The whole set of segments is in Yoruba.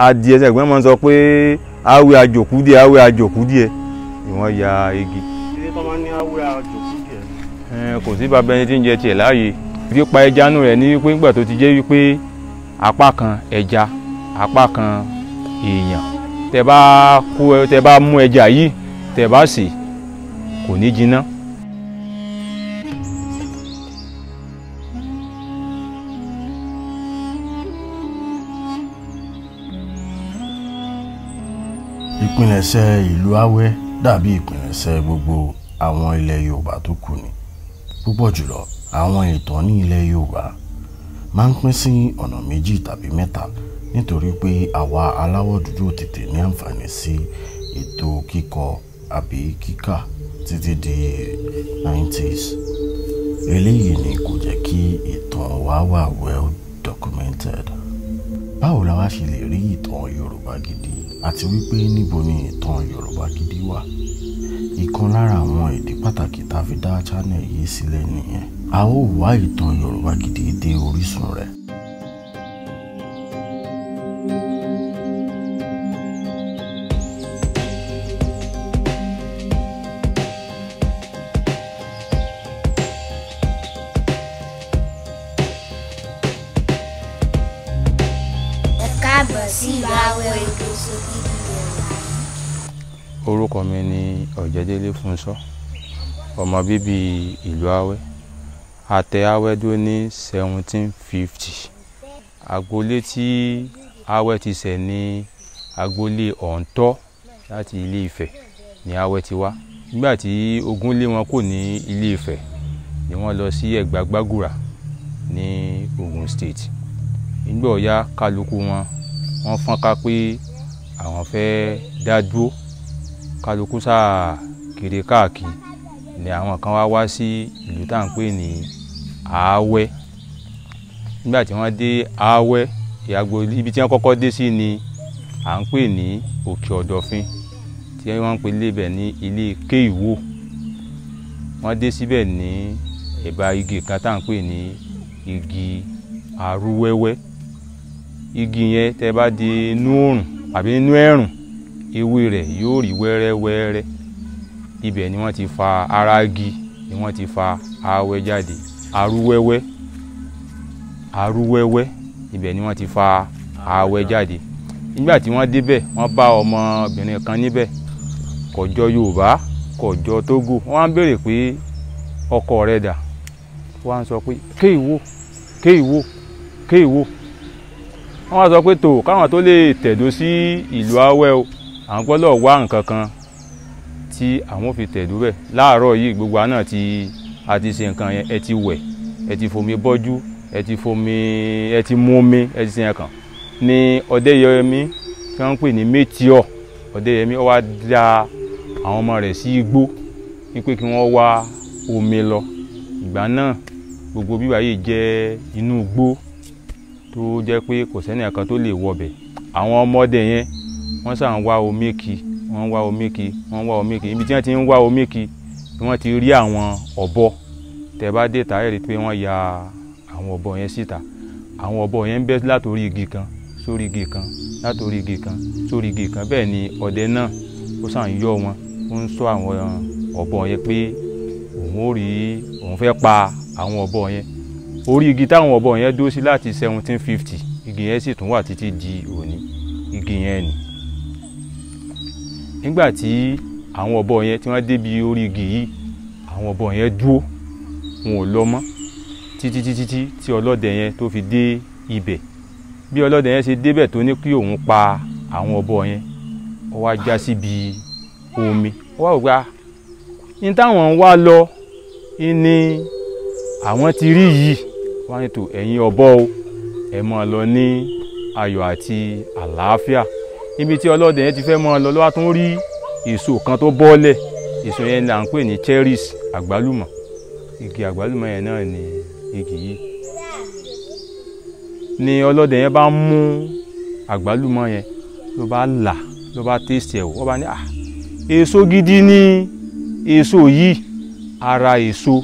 adìẹ sẹ́gbọ́n máa ń sọ pé awé àjòkú díẹ̀ awé àjòkú díẹ̀ ìwọ́n ya igi. ilé tó máa ń ní awé àjòkú díẹ̀. kò sí bàbá ẹni tí ń jẹ tiẹ̀ láàyè pípa ẹja nù rẹ̀ ní wípé nígbà tó ti jẹ́ wípé apá kan ẹja apá kan èèyàn tẹ bá kú tẹ bá mú ẹja yìí tẹ bá sè kò ní jiná ìpilẹ̀ṣẹ̀ ìlú awẹ́ dàbí ìpilẹ̀ṣẹ̀ gbogbo àwọn ilẹ̀ yorùbá tó kù ni púpọ̀ jùlọ àwọn ìtàn ní ilẹ̀ yorùbá máa ń pín sí ọ̀nà méjì tàbí mẹ́ta nítorí pé àwa aláwọ̀ dúdú tètè ní àǹfààní sí ètò kíkọ àbí kíkà títí di 90s eléyìí ni kò jẹ́ kí ìtàn wa wà well documented báwo la wá ṣe lè rí ìtàn yorùbá gidi àti wípé níbo ni ìtàn yorùbá gidi wà ìkan lára àwọn ìdí pàtàkì tá a fi dá channel yìí sílẹ̀ nìyẹn a ó wá ìtàn yorùbá gidi dé orísun rẹ̀ sí ìbáwẹ̀ orúkọ mi ni ọ̀jẹ̀délé fúnṣọ́ ọmọ bíbí ìlú awẹ́ àtẹ awẹ́ dúró ní seventeen fifty agboolé tí awẹ́ ti ṣẹ̀ ní agboolé ọ̀ǹtọ́ láti ilé Ifẹ̀ ní awẹ́ ti wá nígbà tí ogun lé wọn kò ní ilé Ifẹ̀ ni wọ́n lọ sí Ẹ̀gbá ní Ogun State nígbà ọ̀yá kálukú wọn wọ́n fọ́nká pé àwọn fẹ́ dá dúró kálukú sáà kiri káàkiri ni àwọn kan wá wá sí ìlú tá à ń pè ní Ààwẹ̀ nígbà tí wọ́n dé Ààwẹ̀ ìyàgbọ́ ibi tí wọ́n kọ́kọ́ dé sí ni à ń pè ní Òkè Ọ̀dọ̀fin tí wọ́n ń pè lébẹ̀ ní ilé Kéìwò wọ́n dé síbẹ̀ ní ẹ̀bá igi kan tá à ń pè ní igi arúwẹ́wẹ́ igi yẹn tẹ́ bá di inú òrùn àbí inú ẹ̀rùn ewé rẹ̀ yóò rí wẹ́rẹ́wẹ́rẹ́ ibẹ̀ ni wọ́n ti fa ara igi ni wọ́n ti fa awẹ́ jáde arúwẹ́wẹ́ arúwẹ́wẹ́ ibẹ̀ ni wọ́n ti fa awẹ́ jáde nígbà tí wọ́n débẹ̀ wọ́n bá ọmọbìnrin kan níbẹ̀ kò Yorùbá kò jọ Tógò á béèrè pé ọkọ rẹ̀ dà wọ́n á sọ pé kéèwò kéèwò kéèwò wọ́n wá sọ pé tó káwọn tó lè tẹ̀dó sí ìlú awẹ́ o àwọn gbọ́dọ̀ wá nǹkan kan tí àwọn fi tẹ̀dó bẹ̀ láàárọ̀ yìí gbogbo àná tí a ti ṣe nǹkan yẹn ẹ ti wẹ̀ ẹ ti fomi bọ́jú ẹ ti fomi ẹ ti mú omi ẹ ti ṣe yẹn kàn ní ọ̀dẹ́yẹmí tí wọ́n ń pè ní métíọ̀ ọ̀dẹ́yẹmí ó wá dá àwọn ọmọ rẹ̀ sí igbó wípé kí wọ́n wá omi lọ ìgbà náà gbogbo bíbá yìí jẹ́ inú igbó tó jẹ́ pé kò sẹ́ni kan tó lè wọbẹ̀ àwọn ọmọdé yẹn wọ́n sàn ń wá omi kì wọ́n ń wá omi kì wọ́n ń wá omi kì ibi tí wọ́n ti ń wá omi kì wọ́n ti rí àwọn ọ̀bọ tẹ bá dé tàyẹ̀ rí pé wọ́n ya àwọn ọ̀bọ yẹn síta àwọn ọ̀bọ yẹn ń bẹ́ látòrí igi kan sórí igi kan látòrí igi kan sórí igi kan bẹ́ẹ̀ ni ọdẹ náà ó sàn ń yọ wọn ó ń sọ àwọn ọ̀bọ yẹn pé òun ò rí òun fẹ́ pa àwọn ọ̀bọ yẹn orí igi táwọn ọ̀bọ yẹn dúró sí láti seventeen fifty igi yẹn sì tún wà títí di òní igi yẹn ni nígbà tí àwọn ọ̀bọ yẹn tí wọ́n débi orí igi yìí àwọn ọ̀bọ yẹn dúró wọn ò lọ mọ́ títí títí tí ọlọ́dẹ yẹn tó fi dé ibẹ̀ bí ọlọ́dẹ yẹn ṣe débẹ̀ tó ní kí òun pa àwọn ọ̀bọ yẹn ó wá já síbi omi ó wá gba ní táwọn ń wá lọ ní àwọn ti rí yìí wọ́n á ní tò ẹ̀yin ọ̀bọ o ẹ máa lọ ní ayọ̀ àti àlàáfíà níbi tí ọlọ́dẹ yẹn ti fẹ́ máa lọ lọ́wọ́ tó ń rí èso kan tó bọ́ọ̀lẹ̀ èso yẹn là ń pè ní cherries àgbálùmọ̀ igi àgbálùmọ̀ yẹn náà ni igi yìí ni ọlọ́dẹ yẹn bá ń mú àgbálùmọ̀ yẹn ló bá là ló bá tẹ́sí ẹ̀ wọ́n bá ní ah èso gidi ni èso yìí ara èso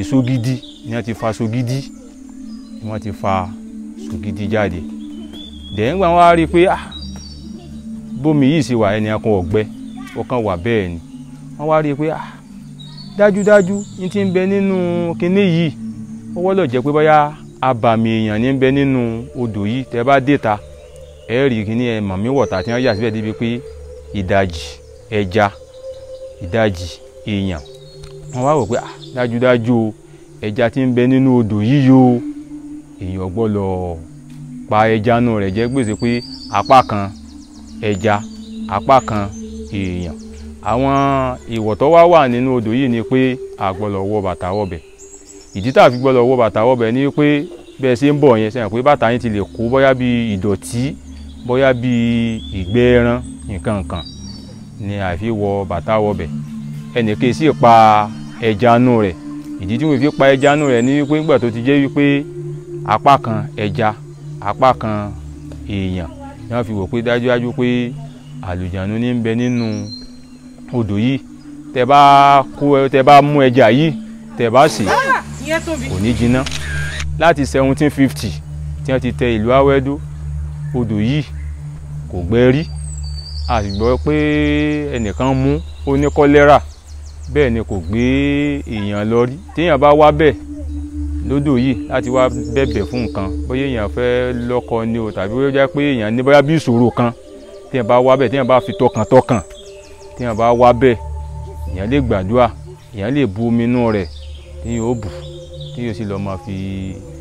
èso gidi ni wọ́n ti fa sogidi ni wọ́n ti fa sogidi jáde dẹ̀yìngbà wọn á rí i pé ah bómi yìí ṣe wà ẹni akọ ọ̀gbẹ ọkàn wà bẹ́ẹ̀ ni wọ́n wá rí i pé ah dájúdájú ní ti ń bẹ nínú kinní yìí ọwọ́ lọ jẹ́ pé bóyá abàmì èèyàn ní ń bẹ nínú odò yìí tẹ́ bá dé ta ẹ rí kinní ẹ màmí wọ̀tà tí wọ́n yà síbẹ̀ débi pé ìdajì ẹja ìdajì èèyàn wọ́n wá wò pé ah dájúdájú o ẹja tí ń bẹ nínú odò yíyó èèyàn gbọ́dọ̀ pa ẹja náà rẹ̀ jẹ́ gbèsè pé apá kan ẹja apá kan èèyàn àwọn ìwọ̀ tó wá wà nínú odò yìí ni pé a gbọ́dọ̀ wọ bàtà wọ̀bẹ̀ ìdí tá a fi gbọ́dọ̀ wọ bàtà wọ̀bẹ̀ ni pé bẹ́ẹ̀ ṣe ń bọ̀ yẹn sẹ́yìn pé bàtà yín ti lè kó bóyá bí ìdọ̀tí bóyá bí ìgbẹ́ ẹran nǹkan kan ni àfi wọ bàtà wọ̀bẹ̀ ẹnìkan sì pa ẹja nù rẹ̀ ìdí tí wọ́n fi pa ẹja nù rẹ̀ ni wípé nígbà tó ti jẹ́ wípé apá kan ẹja apá kan èèyàn ni wọ́n fi wò pé dájúdájú pé àlùjánu ní ń bẹ nínú odò yìí tẹ bá kó tẹ bá mú ẹja yìí tẹ bá sì kò ní jiná láti seventeen fifty tí wọ́n ti tẹ ìlú awẹ́dó odò yìí kò gbẹ rí a pé ẹnìkan mú ó ní kọ́lẹ́rà bẹ́ẹ̀ ni kò gbé èèyàn lọ rí téèyàn bá wá bẹ́ẹ̀ lódò yìí láti wá bẹ̀bẹ̀ fún nǹkan bóyá èèyàn fẹ́ lọ́kọ ni o tàbí bóyá pé èèyàn ní bóyá bí ìṣòro kan téèyàn bá wá bẹ́ẹ̀ téèyàn bá fi tọkàntọkàn téèyàn bá wá bẹ́ẹ̀ èèyàn lè gbàdúrà èèyàn lè bu omi inú rẹ̀ téèyàn ó bù téèyàn sì lọ́ọ́ máa fi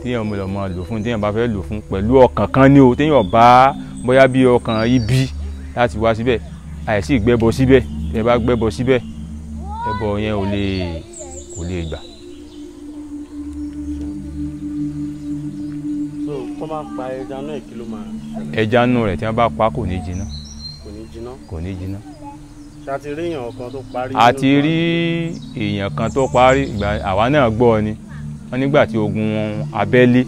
téèyàn lọ́ọ́ máa lò fún téèyàn bá fẹ́ lò fún pẹ̀lú ọkàn kan ni o téèyàn bá bóyá bí ọkàn ibi láti wá síbẹ̀ àìsí ìgbẹ́bọ síbẹ̀ téèyàn bá gbẹ́bọ síbẹ̀ orúkọ yẹn ò lè kò lè gbà. so tó bá pa ẹja náà kí ló máa. ẹja nù rẹ̀ tí wọ́n bá pa kò ní jiná. kò ní jiná. kò rí èèyàn kan tó parí. a ti rí èèyàn kan tó parí àwa náà gbọ́ ni wọ́n nígbà tí ogun abẹ́lé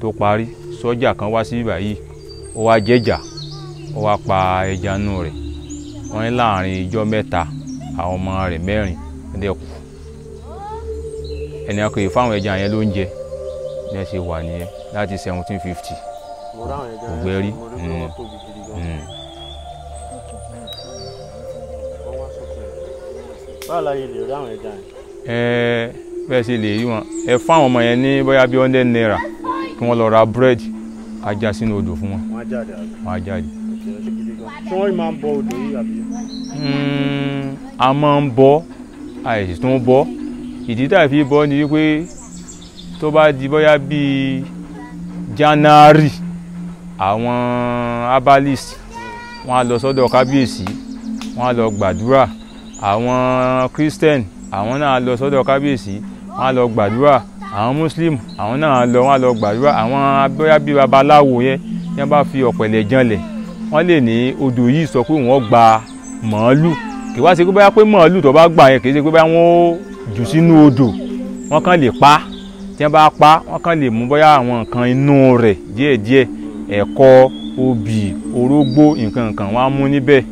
tó parí sọ́jà kan wá sí báyìí ó wá jẹ́jà ó wá pa ẹja nù rẹ̀ wọ́n ní láàrin ijọ́ mẹ́ta àwọn ọmọ rẹ̀ mẹ́rin ẹ̀dẹ̀ kù ẹni akọ̀yè fáwọn ẹja yẹn ló ń jẹ bí ẹ ṣe wà nìyẹn láti seventeen fifty ògbẹ́rí hmm. hmm. báwo la yẹ lè rí àwọn ẹja yẹn. ẹ bẹ́ẹ̀ ṣe lè rí wọn ẹ fún àwọn ọmọ yẹn ní bóyá bíi hundred naira kí wọ́n lọ ra búrẹ́dì ajá sínú odò fún wọn. wọ́n á jáde a máa ń bọ́ àìsí tó ń bọ́ ìdí tàbí fi bọ́ ni wípé tó bá di bóyá bíi january àwọn herbalist wọn á lọ sọ́dọ̀ kábíyèsí wọn á lọ gbàdúrà àwọn christian àwọn náà á lọ sọ́dọ̀ kábíyèsí wọn á lọ gbàdúrà àwọn muslim àwọn náà lọ wọn á lọ gbàdúrà àwọn bóyá bíi babaláwo yẹn yẹn bá fi ọ̀pẹ̀lẹ̀ janlẹ̀ wọ́n lè ní odò yìí sọ pé wọ́n gba màálù kì wá ṣe pé báyà pé màálù tó bá gbà yẹn kì í ṣe pé báyà wọ́n jù sínú odò wọ́n kàn lè pa tí wọ́n bá pa wọ́n kàn lè mú bóyá àwọn nǹkan inú rẹ̀ díẹ̀díẹ̀ ẹ̀kọ obì orógbó nǹkan nǹkan wọ́n á mú níbẹ̀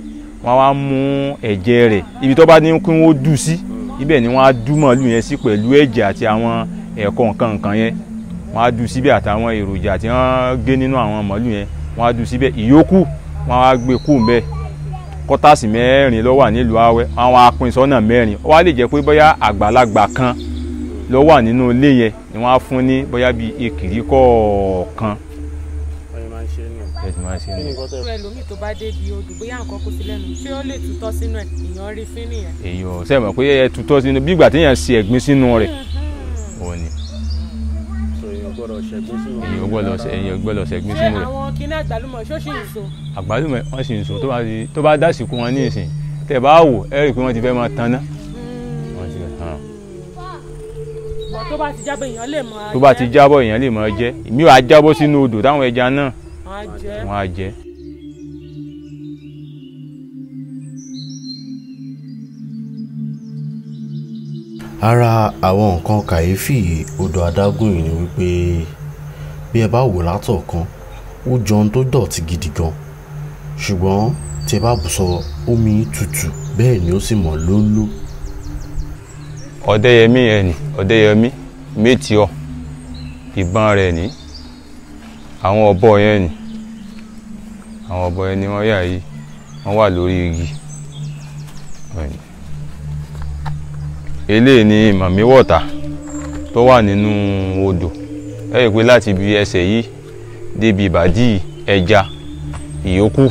wọ́n á mú ẹ̀jẹ̀ rẹ̀ ibi tó bá ní kí wọ́n dù sí ibẹ̀ ni wọ́n á dú màálù yẹn sí pẹ̀lú ẹ̀jẹ̀ àti àwọn ẹ̀kọ nǹkan nǹkan yẹn wọ́n á dù síbẹ̀ àtàwọn èròjà tí wọ́n gé nínú àwọn màálù yẹn wọ́n á dù síbẹ̀ ìyókù wọ́n á gbé kú mbẹ́ẹ̀ kọ́tàsì mẹ́rin ló wà nílùú Awẹ́ àwọn apin sọ́nà mẹ́rin ó wá lè jẹ́ pé bóyá àgbàlagbà kan ló wà nínú ilé yẹn ni wọ́n á fún ní bóyá bíi ekiri kọ̀ọ̀kan. ẹlòmíì tó bá dé di odò bóyá nǹkan kó sí lẹ́nu ṣé ó lè tutọ́ sínú ẹ̀ èèyàn rí fín nìyẹn. èèyàn sẹ́yìn pé ẹ tutọ́ sínú bí ìgbà téèyàn ṣe ẹ̀gbin sínú rẹ̀ mm-hmm. òní gbọ́dọ̀ ṣẹ̀gbín sínú rẹ̀. èyàn gbọ́dọ̀ èyàn sínú rẹ̀. ṣé àwọn kiní àgbálùmọ̀ ṣó ṣì ń so. àgbálùmọ̀ wọn sì ń so tó bá dásìkò wọn ní ìsìn tẹ́ bá wò ẹ rí i pé wọ́n ti fẹ́ máa tanná. Hmm. tó bá ti jábọ̀ èèyàn lè máa jẹ. tó mi ò á jábọ̀ sínú odò táwọn ẹja náà wọ́n á jẹ. ara àwọn nǹkan kàyéfì odò adágún yìí ni wípé bí ẹ bá wò látọ̀kan ó jọ ohun tó dọ̀tí gidi gan ṣùgbọ́n tí ẹ bá bù sọ omi tútù bẹ́ẹ̀ ni ó sì mọ́ lóló. ọ̀dẹ́yẹmí ẹ̀ ní ọ̀dẹ́yẹmí métíọ̀ ìbọn rẹ̀ ní àwọn ọ̀bọ yẹn ní àwọn ọ̀bọ yẹn ni wọ́n yà yìí wọ́n wà lórí igi. Right eléyìí ni màmí wọ̀tà tó wà nínú odò ẹ rí i pé láti ibi ẹsẹ̀ yìí débi ìbàdí ẹja ìyókù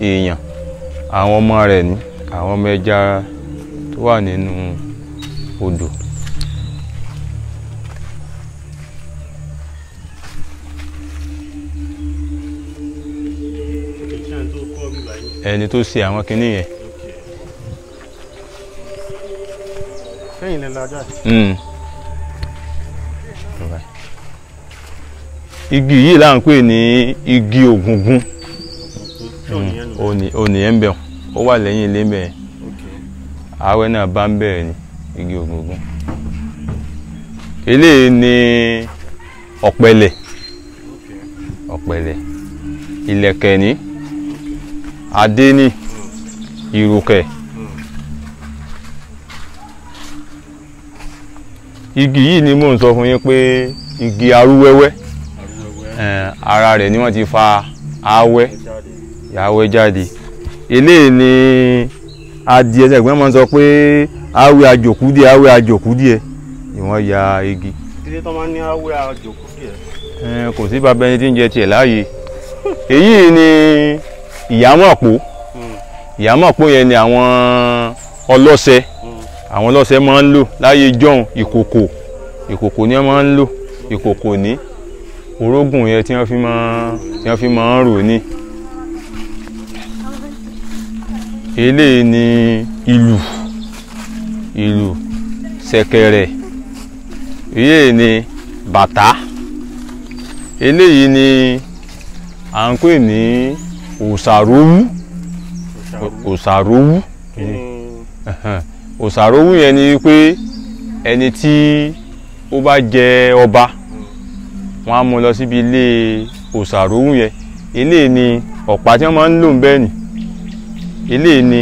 èèyàn àwọn ọmọ rẹ̀ ní àwọn ọmọ ẹja tó wà nínú odò. ẹni tó ṣe àwọn kinní yẹn lẹ́yìn lè lọ́jọ́ yìí. Hmm. igi yìí là ń pè ní igi ògúngún ònìyẹn hmm. ń bẹ̀ ó wà lẹ́yìn ilé ń bẹ̀ yẹn ààwẹ̀ náà bá ń bẹ̀rẹ̀ ní igi ògúngún eléyìí ni ọ̀pẹ̀lẹ̀ ọ̀pẹ̀lẹ̀ ìlẹ̀kẹ̀ ní adé ní ìrùkẹ̀. Okay. igi yìí ni mò ń sọ fún yín pé igi arúwẹ́wẹ́ ara rẹ̀ ni wọ́n ti fa awẹ́ awẹ́ jáde eléyìí ni adìẹ sẹ́gbẹ́ máa ń sọ pé awẹ́ àjòkú díẹ̀ awẹ́ àjòkú díẹ̀ ni wọ́n ya igi. títí tó máa ń ní awẹ́ àjòkú díẹ̀. kò sí bàbá ẹni tí ń jẹ tiẹ̀ láàyè èyí ni ìyàmọ̀pó hmm. ìyàmọ̀pó yẹn ni àwọn ọlọ́sẹ̀ àwọn ọlọ́sẹ̀ máa ń lò láyé jọ̀hún ìkòkò ìkòkò ni wọ́n máa ń lò ìkòkò ní orógùn yẹn tí wọ́n fi máa tí wọ́n fi máa ń rò ní. eléyìí ni ìlù ìlù ṣẹ̀kẹ̀rẹ̀ eléyìí ni bàtà eléyìí ni à ń pè ní òsàrówú òsàrówú òsàrówù yẹn ni pé ẹni tí ó bá jẹ ọba wọn á mú lọ síbi ilé òsàrówù yẹn ilé ni ọ̀pá tí wọ́n máa ń lò ń bẹ́ẹ̀ nì ilé ni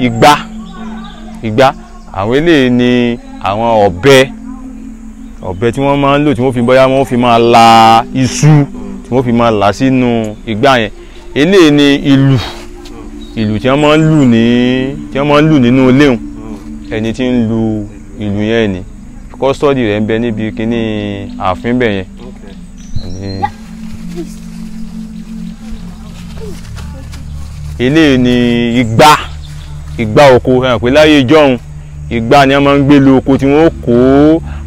igbá igbá àwọn ilé ni àwọn ọ̀bẹ ọ̀bẹ tí wọ́n máa ń lò tí wọ́n fi bóyá wọ́n fi máa la iṣu tí wọ́n fi máa là sínú igbá yẹn ilé ni ìlù ìlù tí wọ́n máa ń lù ní tí wọ́n máa ń lù nínú ilé ẹni tí ń lu ìlú yẹn ni kọ́sítọ́dì rẹ̀ ń bẹ níbi kíní ààfin bẹ̀ yẹn. eléyìí ni igbá igbá oko pé láyé ìjọ́un igbá ni wọ́n máa ń gbé lu oko tí wọ́n kó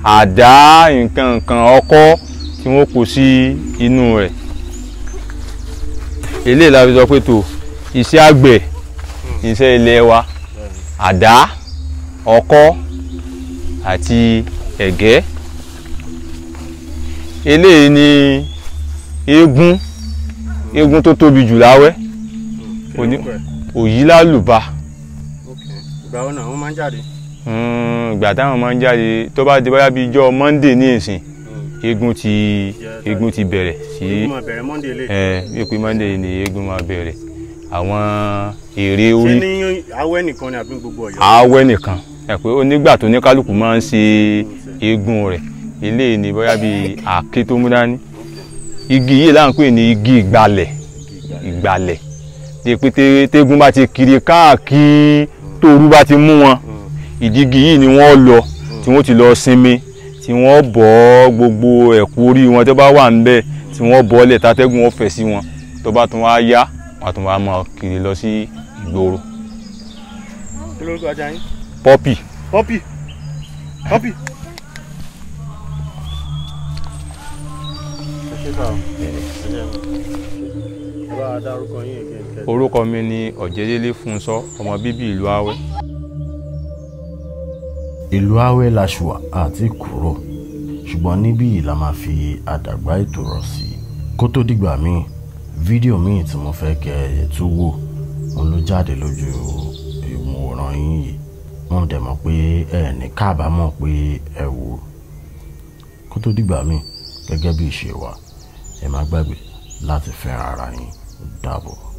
àdá nǹkan nǹkan ọkọ́ tí wọ́n kó sí inú rẹ̀ eléyìí la fi sọ pé tó iṣẹ́ àgbẹ̀ hmm. iṣẹ́ ilé wa àdá. Mm ọkọ́ àti ẹ̀gẹ́ eléyìí ni eégún eégún tó tóbi jù láwẹ́ òyí lálùbá. ìgbà wo náà wọ́n máa ń jáde. Hmm, ìgbà táwọn máa ń jáde tó bá di bóyá bíi ijọ́ monday ní ìsìn hmm. eégún ti eégún ti bẹ̀rẹ̀ sí ẹ eh, bí o pé monday ni eégún máa bẹ̀rẹ̀ àwọn èrè orí. ṣé ní awẹ́ nìkan ni àbí gbogbo Ọ̀yọ́. awẹ́ nìkan ẹ pé onígbà tó ní kálukú máa ń ṣe eegun rẹ̀ eléyìí ni bóyá bíi àáké tó mú dání igi yìí là ní igi ìgbàlẹ̀ ìgbàlẹ̀ ní pété bá ti kiri káàkiri tóoru bá ti mú wọn ìdígi yìí ni wọ́n lọ tí wọ́n ti lọ sinmi tí wọ́n bọ́ gbogbo ẹ̀kú orí wọn tó bá wà níbẹ̀ tí wọ́n bọ́ lẹ̀ tátẹ́gùn ọ̀fẹ́ sí wọn tó bá tún wá yá wọ́n tún wá máa kiri lọ sí ìgboro. kí ló ń gbàjà yín. Poppy. Poppy. Poppy. orúkọ mi ni ọ̀jẹ̀délé fúnṣọ́ ọmọ bíbí ìlú awẹ́. ìlú awẹ́ la ṣùwà àti kúrò ṣùgbọ́n níbí yìí la máa fi àdàgbà ètò rọ̀ sí kó tó dìgbà míì fídíò míì tí mo fẹ́ kẹ́ ẹ̀ tún wò òun ló jáde lójú ìmọ̀ràn yín yìí wọn dẹ̀ mọ̀ pé ẹ ní kábàámọ̀ pé ẹ wò ó kó tó dìgbà míì gẹ́gẹ́ bí ìṣe wa ẹ má gbàgbé láti fẹ́ràn ara yín dàbọ̀.